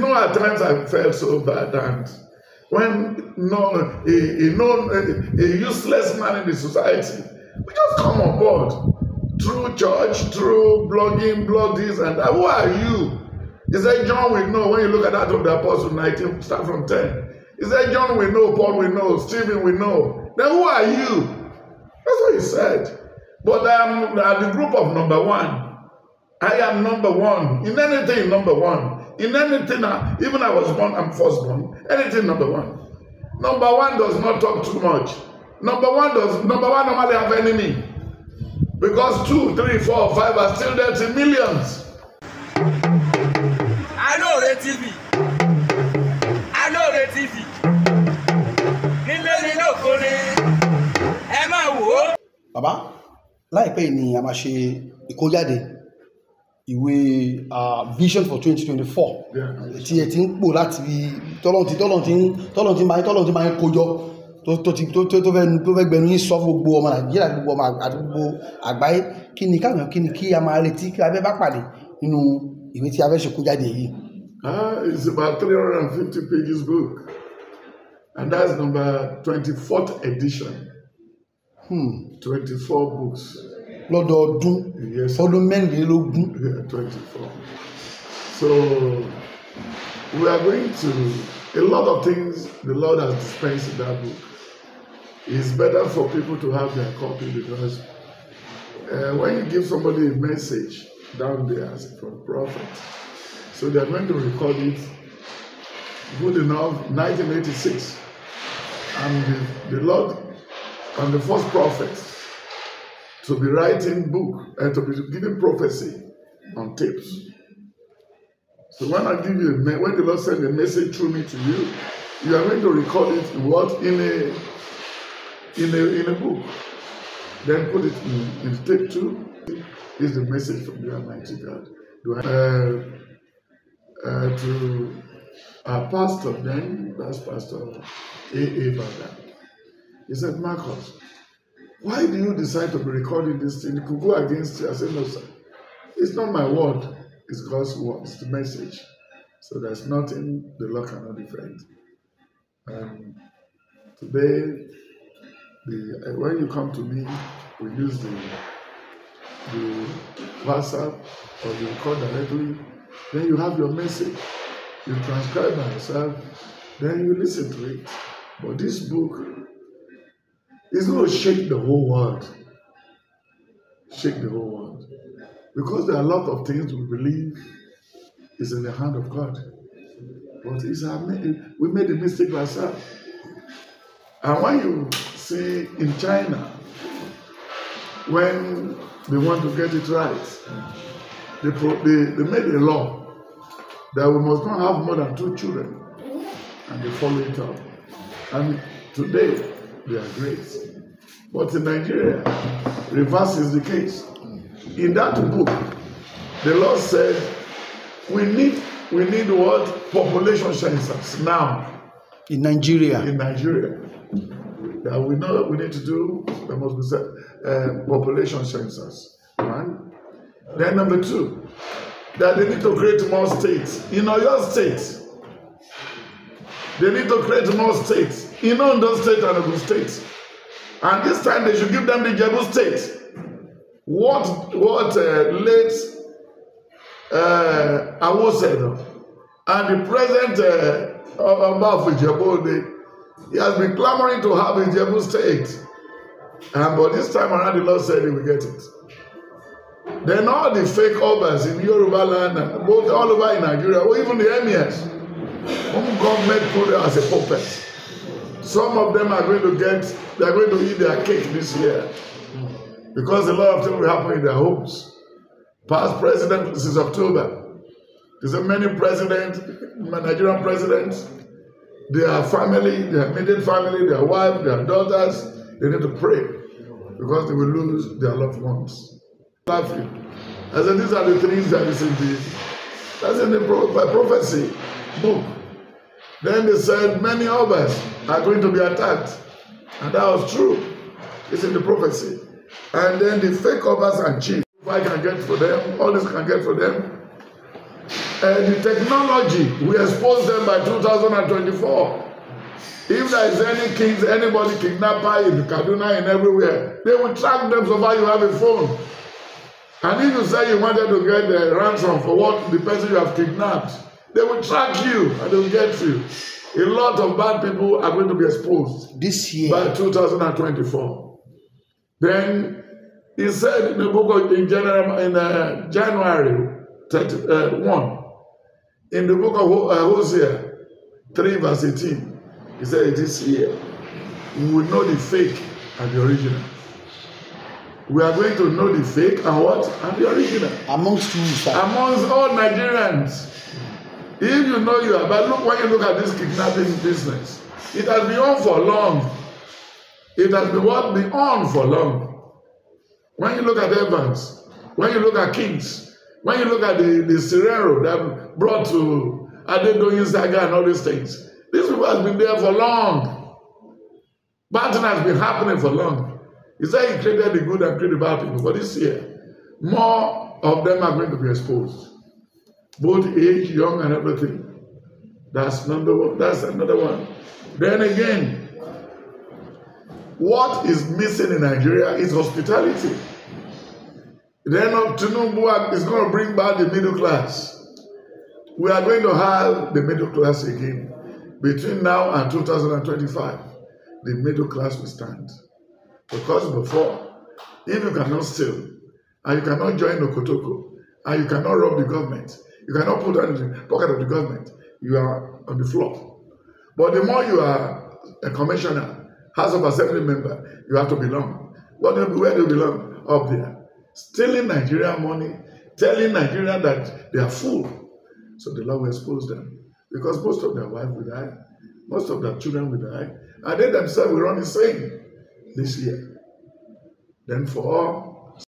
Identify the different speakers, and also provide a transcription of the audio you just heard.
Speaker 1: You know, at times I felt so bad and when no, a, a, a, useless man in the society, we just come on board through church, through blogging, blog this and that. Who are you? He said, John we know when you look at that of the Apostle 19, start from 10. He said, John we know, Paul we know, Stephen we know. Then who are you? That's what he said. But I am the group of number one. I am number one. In anything, number one. in anything, even I was born, I'm born. Anything number one. Number one does not talk too much. Number one does number one normally have enemy. Because two, three, four, five are still there to millions. Alore TV. the TV. Nílé nínú òkúri, ẹ máa wò ó. Bàbá, láìpẹ́ ni a máa ṣe ìkójáde ìwé vision for twenty twenty four tí ẹ ti ń pò láti tọ́lọ́n ti tọ́lọ́n ti tọ́lọ́n ti máa tọ́lọ́n ti máa ń kójọ tó ti tó tó fẹ́ tó fẹ́ gbẹnu yín sọ fún gbogbo ọmọ nàìjíríà gbogbo ọmọ àdúgbò àgbáyé kí ni káwọn kí ni kí a máa retí kí abẹ́ bá pàdé nínú ìwé tí a fẹ́ ṣe kó jáde yìí. ah it's about three hundred and fifty pages book and that's number twenty-fourth edition. Hmm. twenty-four books lọ́dọọdún ọdún mẹ́rìnlélógún. So we are going to a lot of things the Lord has dispensed in that book. It's better for people to have their copy because uh, when you give somebody a message down there from prophet, so they are going to record it good enough 1986 and the, the Lord and the first prophet to be writing book and to be giving prophecy on tapes. So when I give you a, when the Lord send a message through me to you, you are going to record it in what in a in a in a book. Then put it in, in tape two. Is the message from the Almighty God. Do I, uh, uh, to our pastor then, that's Pastor A. A. Baga. He said, Marcus, why do you decide to be recording this thing? You could go against it. I said, no, sir. It's not my word. It's God's word. It's the message. So there's nothing the law cannot defend. And today, the, uh, when you come to me, we use the, the WhatsApp or the record directly. Then you have your message. You transcribe by yourself. Then you listen to it. But this book It's going to shake the whole world. Shake the whole world. Because there are a lot of things we believe is in the hand of God. But it's, we made a mistake ourselves. And when you see in China, when they want to get it right, they, pro- they, they made a law that we must not have more than two children. And they follow it up. And today, they are great. But in Nigeria, reverse is the case. In that book, the Lord said, we need we need what population census now. In Nigeria. In Nigeria. That we know we need to do there must be uh, population census, right? Then number two, that they need to create more states. In your state, They need to create more states. Inondo state and Ogun state. And this time they should give them the Jebu state. What what uh, late uh, Awosedo uh, and the present uh, Oba of Jebu, he has been clamoring to have Ijebu state. And but this time around the Lord said he will get it. Then all the fake obas in Yoruba land, both all over in Nigeria, or even the emirs, whom God made Kore as a puppet. Some of them are going to get, they are going to eat their cake this year because a lot of things will happen in their homes. Past president since October, there's a many presidents, Nigerian presidents, their family, their immediate family, their wife, their daughters, they need to pray because they will lose their loved ones. Laughing. I said, these are the things that is in the, that's in the prophecy. Look. Then they said, Many others are going to be attacked. And that was true. It's in the prophecy. And then the fake others and cheat. if I can get for them, all this can get for them. And the technology, we expose them by 2024. If there is any kings, anybody kidnapper in Kaduna and everywhere, they will track them so far you have a phone. And if you say you wanted to get the ransom for what the person you have kidnapped, They will track you and they will get you. A lot of bad people are going to be exposed this year by 2024. Then he said in the book of in, general, in uh, January 30, uh, in the book of uh, Hosea 3, verse 18, he said, This year we will know the fake and the original. We are going to know the fake and what? And the original. Amongst who, sir? Amongst all Nigerians. If you know you are but look when you look at this kidnapping business. It has been on for long. It has been what been on for long. When you look at Evans, when you look at Kings, when you look at the, the Serrero that brought to Adedoyin Saga and all these things, this people has been there for long. Bad thing has been happening for long. He said he created the good and created the bad people. But this year, more of them are going to be exposed both age, young, and everything. That's number one. That's another one. Then again, what is missing in Nigeria is hospitality. Then of Tinubu is going to bring back the middle class. We are going to have the middle class again. Between now and 2025, the middle class will stand. Because before, if you cannot steal, and you cannot join Okotoko, and you cannot rob the government, You cannot put that in the pocket of the government. You are on the floor. But the more you are a commissioner, House of Assembly member, you have to belong. What do you, where do you belong? Up there. Stealing Nigerian money, telling Nigeria that they are full. So the law will expose them. Because most of their wives will die, most of their children will die, and they themselves will run insane this year. Then for all